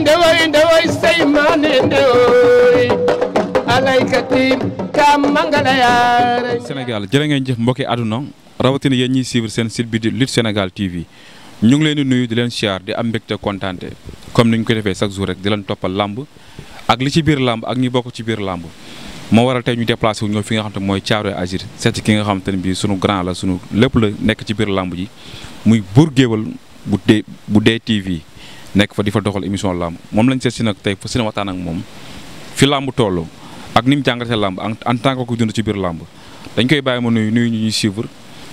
ndewoy ndewoy ndewoy seymane ndewoy alaykatim ka mangala yaare Sénégal jërë ngeen jëf mbokki àdduna rawatina yéen ñiy suivre seen site bi di Lutte Sénégal TV ñu ngi leen di nuyu di leen chair di am mbégte kontaante comme ni ñu ko defee chaque jour rek di leen toppal làmb ak li ci biir làmb ak ñi bokk ci biir làmb moo waral tey ñu déplacé wu fi nga xam te mooy Thiaroye Agir seet ki nga xam te ne bii sunu grand la sunu lépp la nekk ci biir làmb ji muy buur géwël bu dee bu nekk fa di fa doxal émission làmb moom lañ seet si nag tey fa seen waxtaan ak moom fi làmb toll ak ni mu jàngatee làmb en tant que ku dund ci biir làmb dañ koy bàyyi ma nuyu nuyu ñu ñuy suivre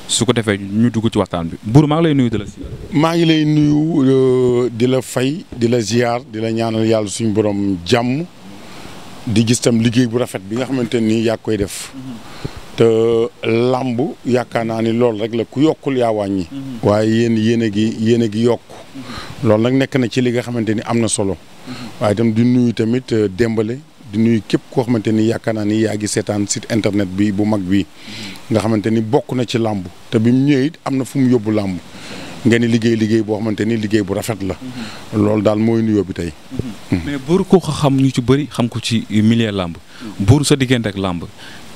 su ko defee ñu dugg ci waxtaan bi Buur maa ngi lay nuyu di la ziar. maa ngi lay nuyu euh, di la fay di la ziar di la ñaanal yàlla suñu boroom jàmm di gis tam liggéey bu rafet bi nga xamante nii yaa koy def. Mm-hmm. te làmb yaakaar naa ni loolu rek la ku yokkul yaa wàññi. Mhm. waaye yéen yéen a gi yéen gi yokk. Mhm. loolu nag nekk na ci li nga xamante ni am na solo. Mhm. waaye itam di nuyu tamit euh, démbale di nuyu képp koo xamante ni yaakaar naa ni yaa seetaan sit internet bi bu mag bi nga xamante ni bokk na ci làmb te bi mu ñëwee am na fu mu yóbbu làmb. nga ni liggéey liggéey boo xamante ni liggéey bu rafet la. loolu daal mooy nuyoo bi tey. mais buur ko xam ñu ci bëri xam ko ci milieu làmb. buur sa diggante ak làmb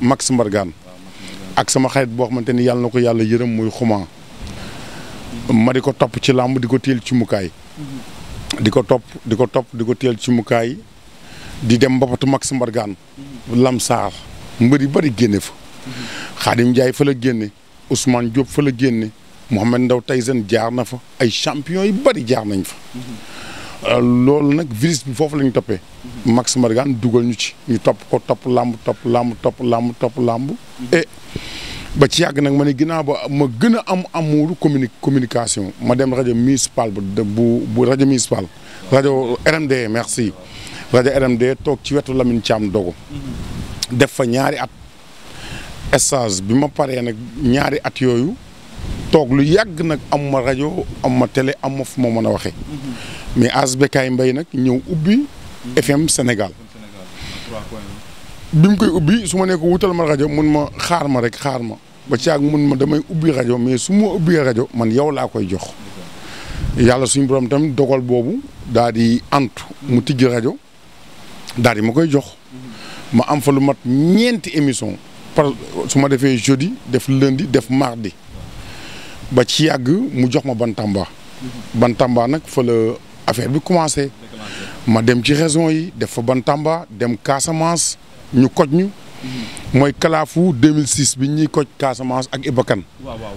Max Mbargane ak sama xarit boo xamante ni yàlla na ko yàlla yërëm muy xumaa ma di ko topp ci làmb di ko téel ci mukaay di ko topp di ko topp di ko téel ci mukaay di dem mbapatu Max Mbargane Lamsaar mbër yu bari génne fa Xaadim Njaay fa la génne Ousmane Diop fa la génne Mouhamed Ndaw Tyson jaar na fa ay champion yu bari jaar nañ fa Euh, loolu nag virus bi foofu la ñu toppee. Max ma Mbargane dugal ñu ci ñu topp ko topp làmb topp làmb topp làmb topp làmb. et ba ci yàgg nag ma ne ginnaaw ba ma gën a am amuru communi communication ma dem rajo municipal bu bu rajo municipal. rajo RMD merci rajo RMD toog ci wetu Lamine Thiam dogo def fa ñaari at. stage bi ma paree nag ñaari at yooyu toog lu yàgg nag am ma rajo am ma télé am ma fu ma mën a waxee. mais As Bécaye mbay nag ñëw ubbi FM Sénégal bi mu koy ubbi su ma nekk ko wutal ma rajo mun ma xaar ma rek xaar ma ba ci caag mun ma damay ubbi rajo mais su ma ubbi rajo man yow laa koy jox yàlla suñu borom tamit dogal boobu daal di antu mu tijji rajo daal di ma koy jox ma am fa lu mat ñeenti émission par su ma defee jeudi def lundi def mardi ba ci yàgg mu jox ma Bantamba Bantamba nag fa la affaire bi commencé ma dem ci raison yi def fa Bantamba dem Casamance ñu koj ñu mooy 2006 bi ñi koj Casamance ak Ibakan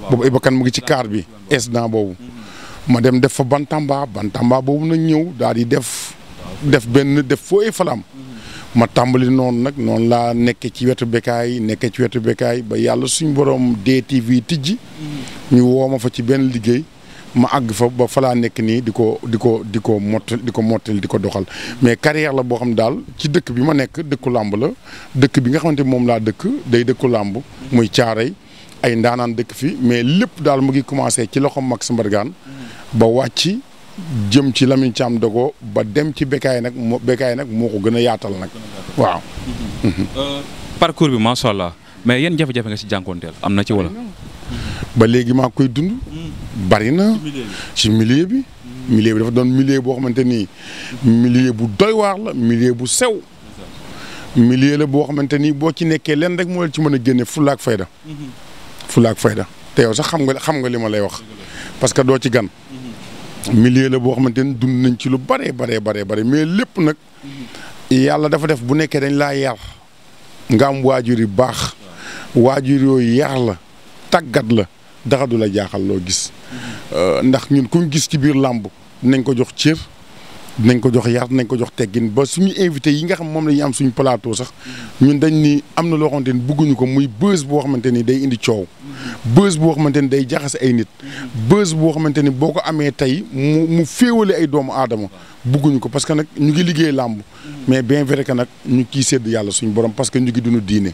boobu Ibakan mu ngi ci car bi incident bobu ma dem def fa Bantamba Bantamba bobu na ñëw daal di def def ben def fooy falam ma tambali non nag non la nek ci wetu bekay nek ci wetu bekay ba yalla suñu borom DTV tijji mm-hmm. ñu woo ma fa ci ben ma àgg fa ba fa laa nekk nii di ko di ko di ko mott di ko mottali di ko doxal mais carrière la boo xam daal ci dëkk bi ma nekk dëkku làmb la dëkk bi nga xamante moom laa dëkk day dëkku làmb muy caaray ay ndaanaan dëkk fi mais lépp daal mu ngi commencé ci loxo Max Mbargane ba wàcc jëm ci Lamine Thiam Dogo ba dem ci Bécaye nag moo Bécaye nag moo ko gën a yaatal nag waaw. Euh, parcours bi macha allah mais yan jafe-jafe nga si jànkoonteel am na ci wala. ba léegi maa koy dund. bari na ci milieu bi. millier bi dafa doon millier boo xamante ni milieu bu doy waar bu sew. milieu la boo xamante ni boo ci nekkee lenn rek moo la ci mën a génne fulaak fayda. fulaak fayda te yow sax xam nga xam nga li ma lay wax. parce que doo ci gan. milieu la boo xamante ni dund nañ ci lu baree baree baree bare mais lépp nag. yàlla dafa def bu nekkee dañ laa yar. nga am waajur yu baax. wajur yooyu yar la tagat la dara du la jaaxal loo gis euh, ndax ñun kuñ gis ci on ko jox ko jox ko jox teggin ba suñu invité yi nga xam mom la am suñu plateau sax ñun dañ ni amna bëgguñu ko muy nous. xamanteni day indi ciow bo xamanteni day jaxass ay nit bo mu ay doomu bëgguñu ko parce que nak ñu ngi mais bien vrai que nak ñu kii sédd yalla suñu borom parce que ñu ngi duñu diiné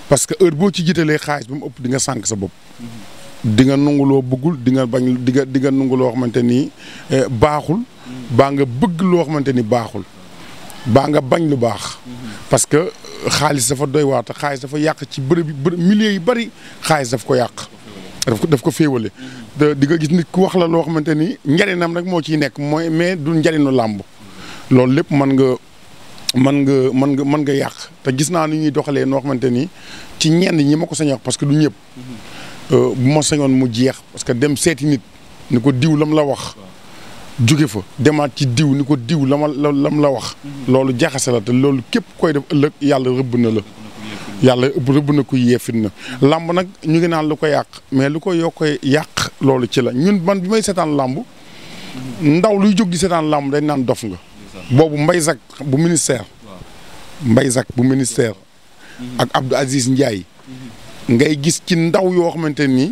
parce que heure boo ci jitalee xaalis ba mu ëpp dinga nga sànq sa bopp. di nga nangu loo bëggul di nga bañ di nga di nga nangu loo xamante nii eh, baaxul. baa nga bëgg loo xamante ni baaxul. baa nga bañ lu baax. parce que xaalis dafa doy waata xaalis dafa yàq ci bërëb yi bërëb milliers yu bari xaalis daf ko yàq. daf ko ko féewale. di nga gis nit ku wax la loo xamante ni njariñam rek moo ciy nekk mooy mais du njariñu làmb loolu lépp mën nga. man nga mën nga mën nga yàq te gis naa ni ñuy doxalee noo xamante ni ci ñenn ñi ma ko sañ wax parce que du ñëpp mm-hmm. euh, bu ma sañoon mu jeex parce que dem seeti nit ni ko diw lam la wax juge fa demaat ci diw ni ko diw la ma la lam la wax mm-hmm. loolu jaxase la te loolu képp koy def ëllëg yàlla rëbb na la yàlla rëbb na ko yeefit na làmb nag ñu ngi naan lu ko yàq mais lu ko yoo yàq loolu ci la ñun man bi may seetaan làmb mm-hmm. ndaw luy jóg di seetaan làmb dañ naan dof nga Bon, Mbaye Zak pou minister mhm. ak Abdo Aziz Ndiaye, mhm. ngey gis kin da w yo ak menteni,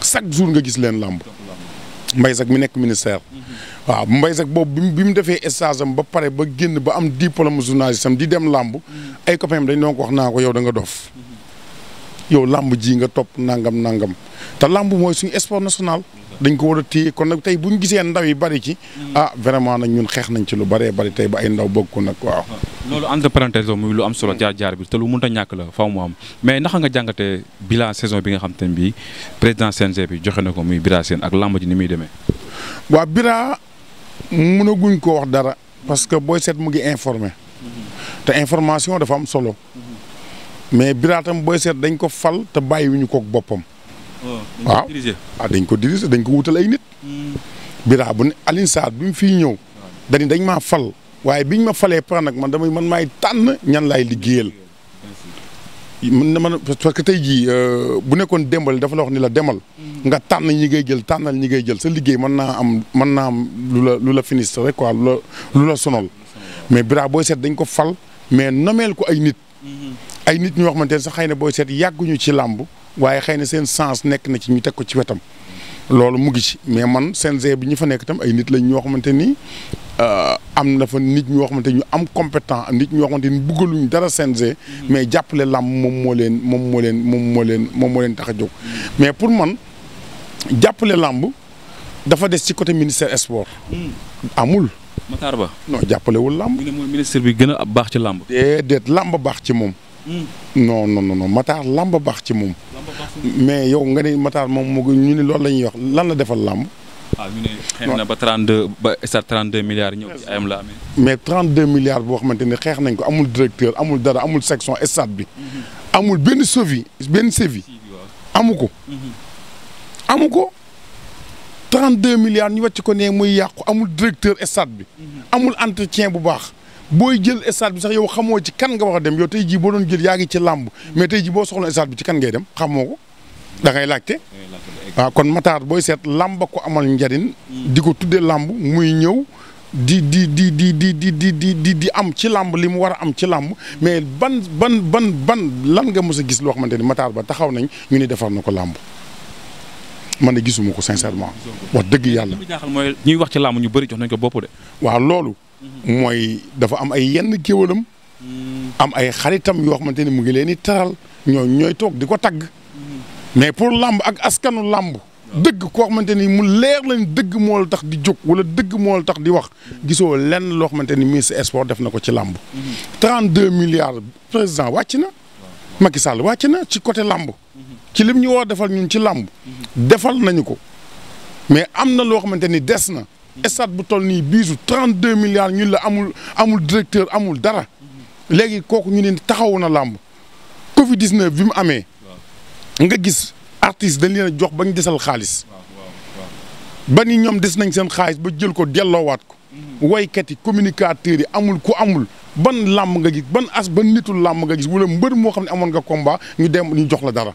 sak zoun ge gis len lambou. Mbaye Zak menek minister. Mhm. Mbaye Zak pou bim de fe esajan, be pare, be ginde, be am diplom zounajis, se m didem lambou, e kope m de yon kwa nan kwa yon den gadof. Yo lambou dji nga top, nangam, nangam. Ta lambou mwen yon esport nasyonal. dañ ko war a téye kon nag tey bu ñu gisee ndaw yi bari ci. Mm. ah vraiment nag ñun xeex nañ ci lu baree bari tey ba ay ndaw bokku nag waaw. Ah, loolu entre parenthèse muy lu am solo jaar jaar bi te lu mun a ñàkk la faaw mu am mais naka nga jàngatee bilan saison bi nga xam te ne bii président CNG bi joxe na ko muy Bira Sène ak làmb ni muy demee. waa Bira mënaguñ ko wax dara parce que booy seet mu ngi informé mm-hmm. te information dafa am solo mm-hmm. mais Bira tam booy seet dañ ko fal te bàyyiwuñu kook boppam. waaw ah dañ ko diriger dañ ko wutal ay nit. Hmm. biraa bu ne Alioune Sarr bi fii ñëw. Hmm. dañ dañ maa fal waaye biñ ma falee par nag man damay man maay tànn ñan laay liggéeyal. mën na man parce que tey jii euh, bu nekkoon démbal dafa la wax ni la demal. Hmm. nga tànn ñi ngay jël tànnal ñi ngay jël sa liggéey man naa am mën naa am lu la lu la finistre rek quoi lu la lu la mais Bira booy set dañ ko fal mais nomeel ko ay nit. ay nit ñu wax ma ne sax xëy na booy seet yàgguñu ci làmb. waaye xëy na sens nekk na ci ñu teg ko ci wetam loolu mu ci mais man CNG bi ñu fa nekk tam ay nit lañ ñoo ni euh, am na fa nit ñu xamanteni ñu am compétent nit ñu xamanteni ni ñu dara CNG. mais jàppale làmb mom mo leen mom mo leen mom mo leen mom mo leen taxajuk a mais pour man jàppale lamb dafa dess ci côté ministère sport. amul. Matarba. non jàppalewul wul lamb ne mooy ministre bi gëna baax ci làmb. déedéet lamb baax ci mom Hmm. non non non Matar làmb bax ci mom mais yow nga ne Matar moom ñu ni lool lañuy wax lan la defal lamb ah ñu ne xeex na ba 32 ba sa 32 milliards ñëw ci la mais 32 milliards bo xamanteni xex nañ ko amul directeur amul dara amul section stade bi. Mhm. amul ben suivi ben suivi. amuko amuko 32 milliards ñu wacc ko ne muy yaq amul directeur stade bi. Mhm. amul entretien bu baax. booy jël stade bi sax yow xamoo ci kan nga wax a dem yow tey jii boo doon jël yaa ngi ci làmb mais tey jii boo soxla stade bi ci kan ngay dem xamoo ko da ngay laajte. waaw kon Matar booy seet làmb ko amal njariñ di ko tuddee làmb muy ñëw di di di di di di di di di am ci làmb li mu war a am ci làmb mais ban ban ban ban lan nga mës a gis loo xamante ni Matar ba taxaw nañ ñu ne defar na ko làmb. man de gisuma ko sincèrement. wax dëgg yàlla li jaaxal mooy ñuy wax ci làmb ñu bari jox nañ ko bopp de. waaw loolu. mooy dafa am ay yenn géwalam mm. am ay xaritam yoo xamante ni mu ngi leen di taral ñoo ñooy toog di ko tagg mais pour làmb ak askanu làmb dëgg koo xamante ni mu leer lañ dëgg moo la tax di jóg wala dëgg moo la tax di wax gisoo lenn loo xamante ni ministre sport def na ko ci làmb 32 milliards président wàcc na Macky Sall wàcc na ci côté làmb ci lim ñu woo defal ñun ci làmb defal nañu ko mais am na loo xamante ni des na stade bu toll nii biisu 32 milliards ñun la amul amul directeur amul dara léegi kooku ñu ne taxaw na làmb Covid 19 bi mu amee nga gis artiste dañ leen jox ba ñu desal xaalis ba ni ñoom des nañ seen xaalis ba jël ko delloowaat ko. waykat yi communicateurs yi amul ku amul ban làmb nga gis ban as ban nitul làmb nga gis wala mbër moo xam ne amoon nga combat ñu dem ñu jox la dara.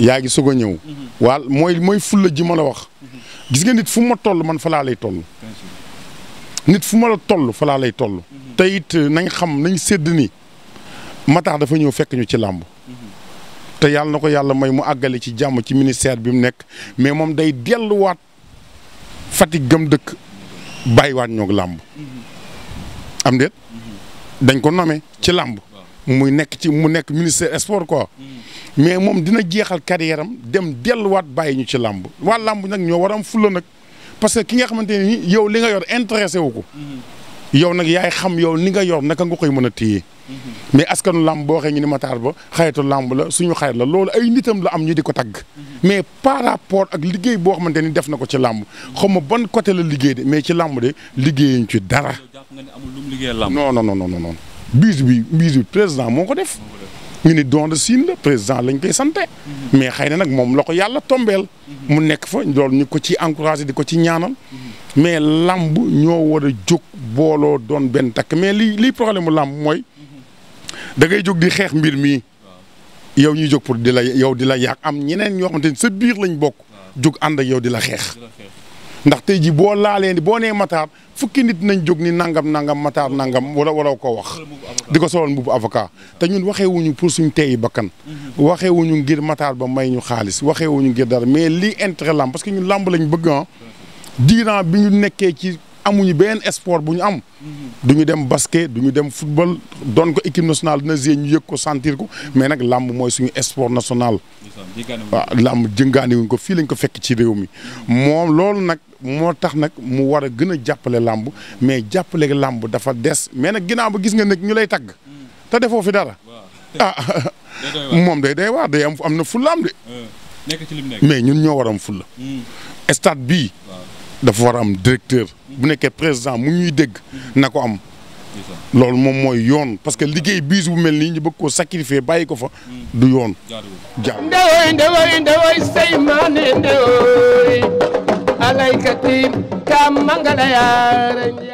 yaa ngi soog a ñëw. Mhm. waa mooy mooy fulla ji ma la wax. Mhm. gis nga nit fu ma toll man fa laa lay toll. nit fu ma la toll falaa lay toll. Mhm. te euh, nañ xam nañ sédd ni Matar dafa ñëw fekk ñu ci làmb. te yàlla na ko yàlla may mu àggale ci jàmm ci ministère bi mu nekk mais moom day delluwaat Fatick gëm dëkk bàyyiwaat ñoog làmb. am déet dañ ko nome ci làmb. nekk ci mu nekk ministère sport quoi. mais moom dina jeexal carrière am dem delluwaat bàyyi ñu ci làmb waa làmb nag ñoo war am fulla nag parce que ki nga xamante ne ni yow li nga yor intéressé wu ko. Mm-hmm. yow nag yaay xam yow ni nga yor naka nga koy mën a téye. Mm-hmm. mais askanu làmb boo xee ñu ne Matar Ba xayatu làmb la suñu xayat la loolu ay nitam la am ñu di ko tagg. Mm-hmm. mais par rapport ak liggéey boo xamante ni def na ko ci làmb. xaw ma ban côté la liggéey de mais ci làmb de liggéeyuñ ci dara. non non non non non biis bi biis bi président moo ko def. ñu ne don de Sine la président lañ koy sante mhm. mais xëy na nag moom la ko yàlla tombeel mhm. mu nekk fa loolu ñu ko ci encouragé di ko ci ñaanal mhm. mais làmb ñoo war a jóg booloo doon benn takk mais li lii problème mu làmb mooy da ngay jóg di xeex mbir mi yow ñuy jóg pour di la yow di la yàq am ñeneen ñoo xamante ni sa lañ bokk jóg ànd ak yow di la xeex ndax tey jii boo laalee ni boo nee Matar fukki nit nañ jog ni nangam nangam Matar nangam wala wala ko wax di ko solal mbubu avocat te ñun waxee wuñu pour suñ teeyi bakkan mhm. waxee wuñu ngir Matar ba may ñu xaalis waxee wuñu ngir dara mais lii intérêt lamb parce que ñun lamb lañ bëgg ah mhm. diiran bi ñu nekkee ci amuñu benn espoir bu ñu am mhm. du ñu dem basket du ñu dem football doon ko équipe nationale dina ñu yëg ko sentir ko mais nag làmb mooy suñu sport national waaw làmb jëngaani wuñ ko fii lañ ko fekk ci réew mi moom loolu nag moo tax nag mu war a gën a jàppale làmb mais jàppale làmb dafa des mais nag ginnaaw ba gis nga nag ñu lay tagg te defoo fi dara ah moom day day waar day am am na fulla am de euh, mais ñun ñoo war am fulla hmm. stade bii dafa war a am directeur bu nekkee président mu ñuy dégg na ko am loolu moom mooy yoon parce que liggéey biis bu mel nii ñu bëgg koo sacrifier bàyyi ko fa du yoon jaar ndewoy ndewoy ndewoy say maane ndewoy alaykati ka mangala yaara